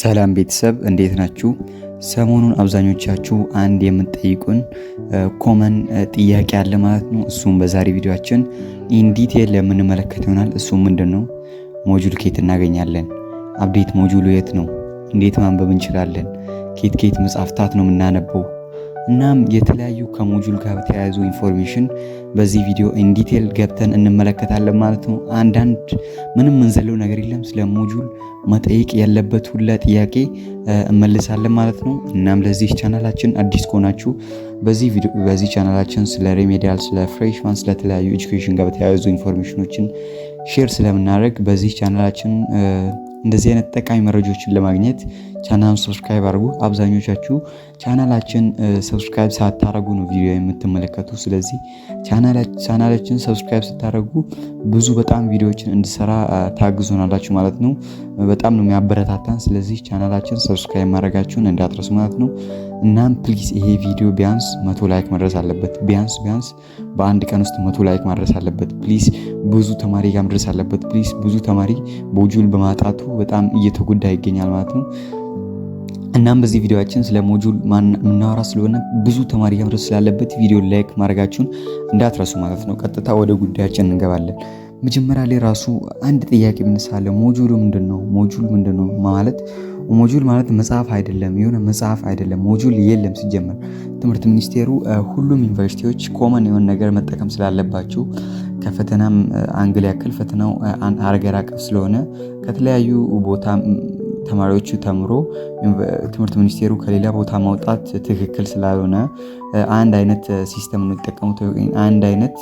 ሰላም ቤተሰብ እንዴት ናችሁ? ሰሞኑን አብዛኞቻችሁ አንድ የምትጠይቁን ኮመን ጥያቄ አለ ማለት ነው። እሱም በዛሬ ቪዲዮችን ኢንዲቴል የምንመለከት ይሆናል። እሱም ምንድን ነው? ሞጁል ኬት እናገኛለን? አብዴት ሞጁሉ የት ነው? እንዴት ማንበብ እንችላለን? ኬት ኬት መጽሐፍታት ነው የምናነበው? እናም የተለያዩ ከሞጁል ጋር በተያያዙ ኢንፎርሜሽን በዚህ ቪዲዮ ኢንዲቴል ገብተን እንመለከታለን ማለት ነው። አንዳንድ ምንም ምንዘለው ነገር የለም። ስለ ሞጁል መጠየቅ ያለበት ሁላ ጥያቄ እመልሳለን ማለት ነው። እናም ለዚህ ቻናላችን አዲስ ከሆናችሁ በዚህ ቻናላችን ስለ ሪሜዲያል፣ ስለ ፍሬሽማን፣ ስለተለያዩ ኤጁኬሽን ጋር በተያያዙ ኢንፎርሜሽኖችን ሼር ስለምናደርግ በዚህ ቻናላችን እንደዚህ አይነት ጠቃሚ መረጃዎችን ለማግኘት ቻናሉን ሰብስክራይብ አድርጉ። አብዛኞቻችሁ ቻናላችን ሰብስክራይብ ሳታደርጉ ነው ቪዲዮ የምትመለከቱ። ስለዚህ ቻናላችን ሰብስክራይብ ስታደርጉ ብዙ በጣም ቪዲዮዎችን እንድሰራ ታግዞናላችሁ ማለት ነው። በጣም ነው የሚያበረታታን። ስለዚህ ቻናላችን ሰብስክራይብ ማድረጋችሁን እንዳትረሱ ማለት ነው። እናም ፕሊዝ ይሄ ቪዲዮ ቢያንስ መቶ ላይክ መድረስ አለበት። ቢያንስ ቢያንስ በአንድ ቀን ውስጥ መቶ ላይክ ማድረስ አለበት። ፕሊዝ ብዙ ተማሪ ጋር መድረስ አለበት። ፕሊዝ ብዙ ተማሪ ቦጁል በማጣቱ በጣም እየተጎዳ ይገኛል ማለት ነው። እናም በዚህ ቪዲዮችን ስለ ሞጁል ምናወራ ስለሆነ ብዙ ተማሪ ህብረት ስላለበት ቪዲዮ ላይክ ማድረጋችሁን እንዳትረሱ ማለት ነው። ቀጥታ ወደ ጉዳያችን እንገባለን። መጀመሪያ ላይ ራሱ አንድ ጥያቄ ምንሳለ ሞጁሉ ምንድን ነው? ሞጁል ምንድን ነው ማለት ሞጁል ማለት መጽሐፍ አይደለም፣ የሆነ መጽሐፍ አይደለም። ሞጁል የለም ሲጀመር። ትምህርት ሚኒስቴሩ ሁሉም ዩኒቨርሲቲዎች ኮመን የሆነ ነገር መጠቀም ስላለባቸው ከፈተናም አንግል ያክል ፈተናው አገር አቀፍ ስለሆነ ከተለያዩ ቦታ ተማሪዎቹ ተምሮ ትምህርት ሚኒስቴሩ ከሌላ ቦታ ማውጣት ትክክል ስላልሆነ አንድ አይነት ሲስተም የሚጠቀሙት አንድ አይነት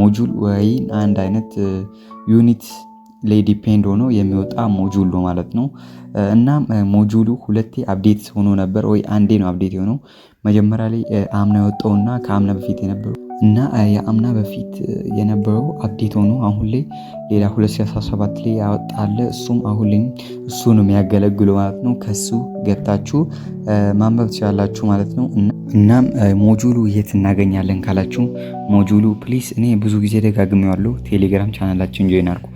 ሞጁል ወይ አንድ አይነት ዩኒት ላይ ዲፔንድ ሆኖ የሚወጣ ሞጁል ነው ማለት ነው። እና ሞጁሉ ሁለቴ አፕዴት ሆኖ ነበር ወይ አንዴ ነው አፕዴት የሆነው። መጀመሪያ ላይ አምና የወጣውና ከአምና በፊት የነበረው እና የአምና በፊት የነበረው አፕዴት ሆኖ አሁን ላይ ሌላ 2017 ላይ ያወጣለ እሱም አሁን ላይ እሱ ነው የሚያገለግሉ ማለት ነው። ከሱ ገብታችሁ ማንበብ ትችላላችሁ ማለት ነው። እናም ሞጁሉ የት እናገኛለን ካላችሁ ሞጁሉ ፕሊስ እኔ ብዙ ጊዜ ደጋግሜዋለሁ። ቴሌግራም ቻናላችን ጆይን አድርጉ።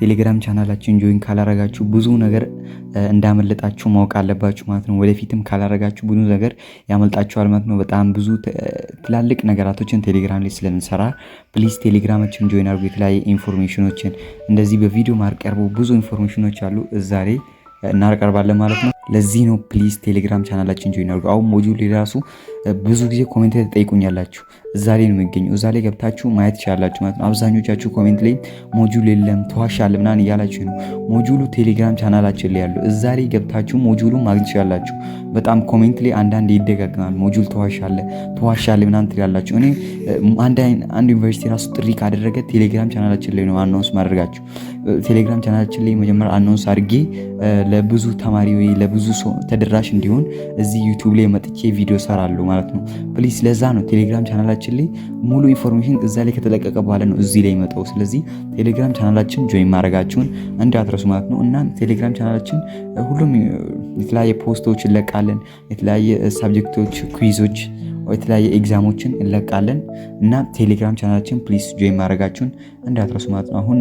ቴሌግራም ቻናላችን ጆይን ካላረጋችሁ ብዙ ነገር እንዳመለጣችሁ ማወቅ አለባችሁ ማለት ነው። ወደፊትም ካላረጋችሁ ብዙ ነገር ያመልጣችኋል ማለት ነው። በጣም ብዙ ትላልቅ ነገራቶችን ቴሌግራም ላይ ስለምንሰራ ፕሊዝ ቴሌግራማችን ጆይን አድርጉ። የተለያየ ኢንፎርሜሽኖችን እንደዚህ በቪዲዮ ማርቀርቡ ብዙ ኢንፎርሜሽኖች አሉ እዛ እናቀርባለን ማለት ነው። ለዚህ ነው ፕሊዝ ቴሌግራም ቻናላችን ጆይን አድርጉ። አሁን ሞጁል ራሱ ብዙ ጊዜ ኮሜንት ላይ ተጠይቁኛላችሁ። እዛ ላይ ነው የሚገኘው። እዛ ላይ ገብታችሁ ማየት ይችላላችሁ ማለት ነው። አብዛኞቻችሁ ኮሜንት ላይ ሞጁል የለም ተዋሻል ምናምን እያላችሁ ነው። ሞጁሉ ቴሌግራም ቻናላችን ላይ ያለው እዛ ላይ ገብታችሁ ሞጁሉ ማግኘት ይችላላችሁ። በጣም ኮሜንት ላይ አንዳንድ ይደጋግማል። ሞጁል ተዋሻለ ተዋሻለ ምናምን ትላላችሁ። እኔ አንድ ዩኒቨርሲቲ ራሱ ጥሪ ካደረገ ቴሌግራም ቻናላችን ላይ ነው አናውንስ ማድረጋችሁ ቴሌግራም ቻናላችን ላይ መጀመሪያ አናውንስ አድርጌ ለብዙ ተማሪ ወይ ለብዙ ሰው ተደራሽ እንዲሆን እዚህ ዩቱብ ላይ መጥቼ ቪዲዮ ሰራለሁ ማለት ነው። ፕሊስ ለዛ ነው ቴሌግራም ቻናላችን ላይ ሙሉ ኢንፎርሜሽን እዛ ላይ ከተለቀቀ በኋላ ነው እዚህ ላይ መጣው። ስለዚህ ቴሌግራም ቻናላችን ጆይን ማድረጋችሁን እንዳትረሱ ማለት ነው። እና ቴሌግራም ቻናላችን ሁሉም የተለያየ ፖስቶች እንለቃለን፣ የተለያየ ሳብጀክቶች፣ ኩዊዞች የተለያየ ኤግዛሞችን እንለቃለን እና ቴሌግራም ቻናላችን ፕሊስ ጆይን ማድረጋችሁን እንዳትረሱ ማለት ነው። አሁን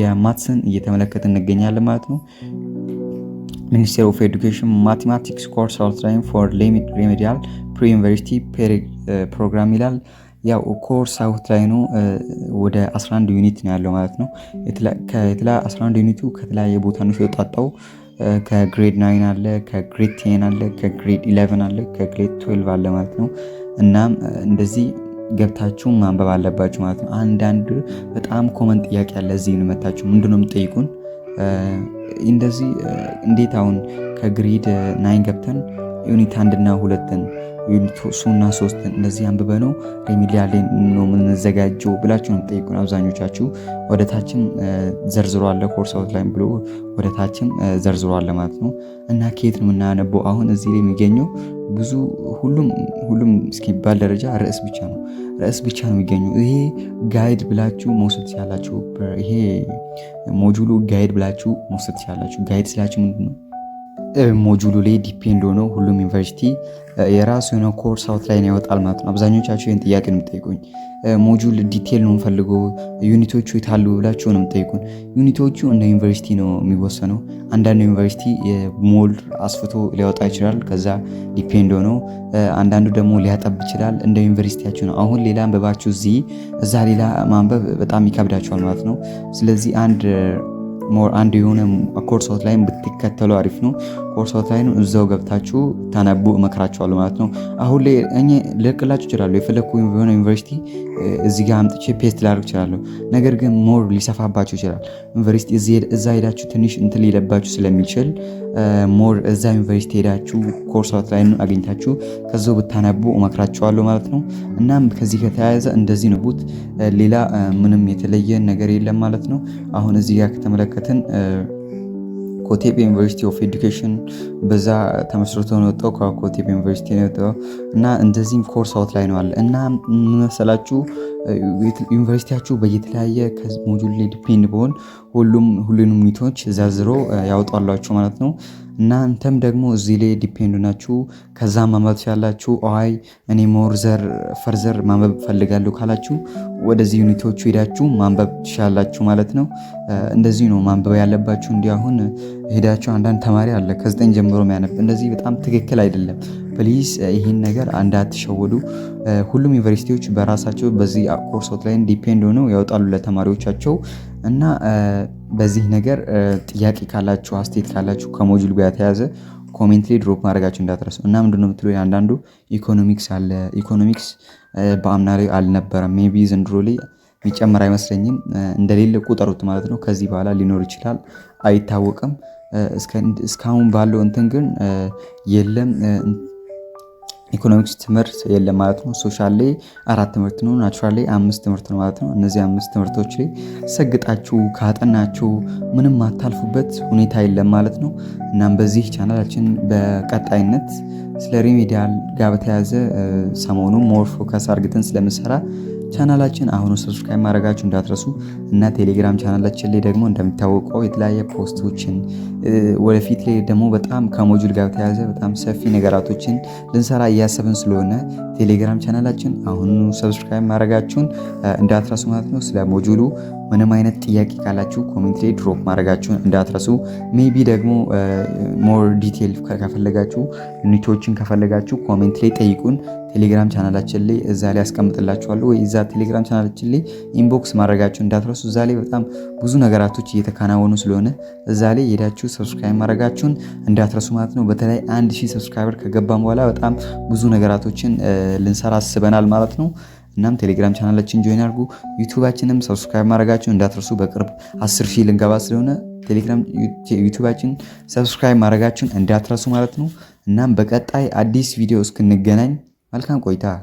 የማትስን እየተመለከተ እንገኛለን ማለት ነው። ሚኒስቴር ኦፍ ኤዱኬሽን ማቴማቲክስ ኮርስ አውትላይን ፎር ሪሜዲያል ፕሪ ዩኒቨርሲቲ ፕሮግራም ይላል። ያው ኮርስ አውትላይኑ ወደ 11 ዩኒት ነው ያለው ማለት ነው። 11 ዩኒቱ ከተለያየ ቦታ ነው የተወጣጣው። ከግሬድ 9 አለ፣ ከግሬድ 10 አለ፣ ከግሬድ 11 አለ፣ ከግሬድ 12 አለ ማለት ነው። እናም እንደዚህ ገብታችሁ ማንበብ አለባችሁ ማለት ነው። አንዳንድ በጣም ኮመን ጥያቄ አለ። እዚህ መታችሁ ምንድነው የምጠይቁን? እንደዚህ እንዴት አሁን ከግሪድ ናይን ገብተን ዩኒት አንድና ሁለትን ዩኒት ሱና ሶስትን እንደዚህ አንብበ ነው ሪሚዲያል ነው የምንዘጋጀው ብላችሁ ነው የምጠይቁን አብዛኞቻችሁ። ወደታችም ዘርዝሯለ ኮርስ አውት ላይም ብሎ ወደታችም ዘርዝሯለ ማለት ነው። እና ከየት ነው የምናነበው? አሁን እዚህ ላይ የሚገኘው ብዙ ሁሉም ሁሉም እስኪባል ደረጃ ርዕስ ብቻ ነው ርዕስ ብቻ ነው የሚገኘው። ይሄ ጋይድ ብላችሁ መውሰድ ሲያላችሁ፣ ይሄ ሞጁሉ ጋይድ ብላችሁ መውሰድ ሲያላችሁ፣ ጋይድ ስላችሁ ምንድን ነው ሞጁሉ ላይ ዲፔንድ ሆኖ ሁሉም ዩኒቨርሲቲ የራሱ የሆነ ኮርስ አውትላይን ያወጣል ማለት ነው። አብዛኞቻችሁ ይህን ጥያቄ ነው የምጠይቁኝ። ሞጁል ዲቴል ነው የምፈልገው፣ ዩኒቶቹ የታሉ ብላችሁ ነው የምጠይቁን። ዩኒቶቹ እንደ ዩኒቨርሲቲ ነው የሚወሰነው። አንዳንድ ዩኒቨርሲቲ ሞል አስፍቶ ሊያወጣ ይችላል፣ ከዛ ዲፔንድ ሆኖ። አንዳንዱ ደግሞ ሊያጠብ ይችላል፣ እንደ ዩኒቨርሲቲያችሁ ነው። አሁን ሌላ አንበባችሁ እዚህ እዛ ሌላ ማንበብ በጣም ይከብዳችኋል ማለት ነው። ስለዚህ አንድ ሞር አንድ የሆነ ኮርስ ኦንላይን ብትከተሉ አሪፍ ነው። ኮርስ ኦንላይን እዛው ገብታችሁ ታነቡ እመክራችኋለሁ ማለት ነው። አሁን ላይ እኔ ልልቅላችሁ እችላለሁ። የፈለግኩ የሆነ ዩኒቨርሲቲ እዚህ ጋር አምጥቼ ፔስት ላደርግ እችላለሁ። ነገር ግን ሞር ሊሰፋባችሁ ይችላል። ዩኒቨርሲቲ እዛ ሄዳችሁ ትንሽ እንትን ሊለባችሁ ስለሚችል ሞር እዛ ዩኒቨርሲቲ ሄዳችሁ ኮርስ ላይ አግኝታችሁ ከዚው ብታነቡ እመክራችኋለሁ ማለት ነው። እናም ከዚህ ከተያያዘ እንደዚህ ንቡት፣ ሌላ ምንም የተለየ ነገር የለም ማለት ነው። አሁን እዚህ ጋር ከተመለከትን ኮቴፕ ዩኒቨርሲቲ ኦፍ ኤዱኬሽን በዛ ተመስርቶ ነው የወጣው። ከኮቴፕ ዩኒቨርሲቲ ነው የወጣው እና እንደዚህም ኮርስ አውት አውትላይን አለ እና ምን መሰላችሁ ዩኒቨርሲቲያችሁ በየተለያየ ከሞጁል ላይ ዲፔንድ በሆን ሁሉም ሁሉንም ኒቶች ዘርዝሮ ያወጣላችሁ ማለት ነው። እናንተም ደግሞ እዚህ ላይ ዲፔንድ ናችሁ። ከዛ ማንበብ ያላችሁ አይ እኔ ሞር ዘር ፈርዘር ማንበብ ፈልጋለሁ ካላችሁ ወደዚህ ዩኒቶቹ ሄዳችሁ ማንበብ ትሻላችሁ ማለት ነው። እንደዚህ ነው ማንበብ ያለባችሁ። እንዲህ አሁን ሄዳችሁ አንዳንድ ተማሪ አለ ከዘጠኝ ጀምሮ የሚያነብ እንደዚህ በጣም ትክክል አይደለም። ፕሊዝ ይህን ነገር እንዳትሸወዱ። ሁሉም ዩኒቨርሲቲዎች በራሳቸው በዚህ ኮርሶት ላይ ዲፔንድ ሆነው ያወጣሉ ለተማሪዎቻቸው እና በዚህ ነገር ጥያቄ ካላችሁ አስተያየት ካላችሁ ከሞጁል ጋር ተያዘ ኮሜንት ላይ ድሮፕ ማድረጋቸው እንዳትረሱ እና ምንድነው ምትሉ አንዳንዱ ኢኮኖሚክስ አለ ኢኮኖሚክስ በአምና ላይ አልነበረም ቢ ዘንድሮ ላይ የሚጨምር አይመስለኝም እንደሌለ ቁጠሩት ማለት ነው ከዚህ በኋላ ሊኖር ይችላል አይታወቅም እስካሁን ባለው እንትን ግን የለም ኢኮኖሚክስ ትምህርት የለም ማለት ነው። ሶሻል ላይ አራት ትምህርት ነው፣ ናቹራል ላይ አምስት ትምህርት ነው ማለት ነው። እነዚህ አምስት ትምህርቶች ላይ ሰግጣችሁ ካጠናችሁ ምንም አታልፉበት ሁኔታ የለም ማለት ነው። እናም በዚህ ቻናላችን በቀጣይነት ስለ ሪሜዲያል ጋር በተያያዘ ሰሞኑ ሞር ፎከስ አርግተን ስለምሰራ ቻናላችን አሁኑ ሰብስክራይብ ማድረጋችሁ እንዳትረሱ እና ቴሌግራም ቻናላችን ላይ ደግሞ እንደሚታወቀው የተለያየ ፖስቶችን ወደፊት ላይ ደግሞ በጣም ከሞጁል ጋር ተያዘ በጣም ሰፊ ነገራቶችን ልንሰራ እያሰብን ስለሆነ ቴሌግራም ቻናላችን አሁኑ ሰብስክራይብ ማድረጋችሁን እንዳትረሱ ማለት ነው። ስለ ሞጁሉ ምንም አይነት ጥያቄ ካላችሁ ኮሜንት ላይ ድሮፕ ማድረጋችሁን እንዳትረሱ። ሜቢ ደግሞ ሞር ዲቴል ከፈለጋችሁ ዩኒቶችን ከፈለጋችሁ ኮሜንት ላይ ጠይቁን። ቴሌግራም ቻናላችን ላይ እዛ ላይ አስቀምጥላችኋለሁ ወይ እዛ ቴሌግራም ቻናላችን ላይ ኢንቦክስ ማድረጋችሁ እንዳትረሱ። እዛ ላይ በጣም ብዙ ነገራቶች እየተከናወኑ ስለሆነ እዛ ላይ ሄዳችሁ ሰብስክራይብ ማድረጋችሁን እንዳትረሱ ማለት ነው። በተለይ አንድ ሺህ ሰብስክራይበር ከገባም በኋላ በጣም ብዙ ነገራቶችን ልንሰራ አስበናል ማለት ነው። እናም ቴሌግራም ቻናላችን ጆይን አድርጉ። ዩቱባችንም ሰብስክራይብ ማድረጋችሁ እንዳትረሱ። በቅርብ አስር ሺህ ልንገባ ስለሆነ ቴሌግራም ዩቱባችን ሰብስክራይብ ማድረጋችሁን እንዳትረሱ ማለት ነው። እናም በቀጣይ አዲስ ቪዲዮ እስክንገናኝ መልካም ቆይታ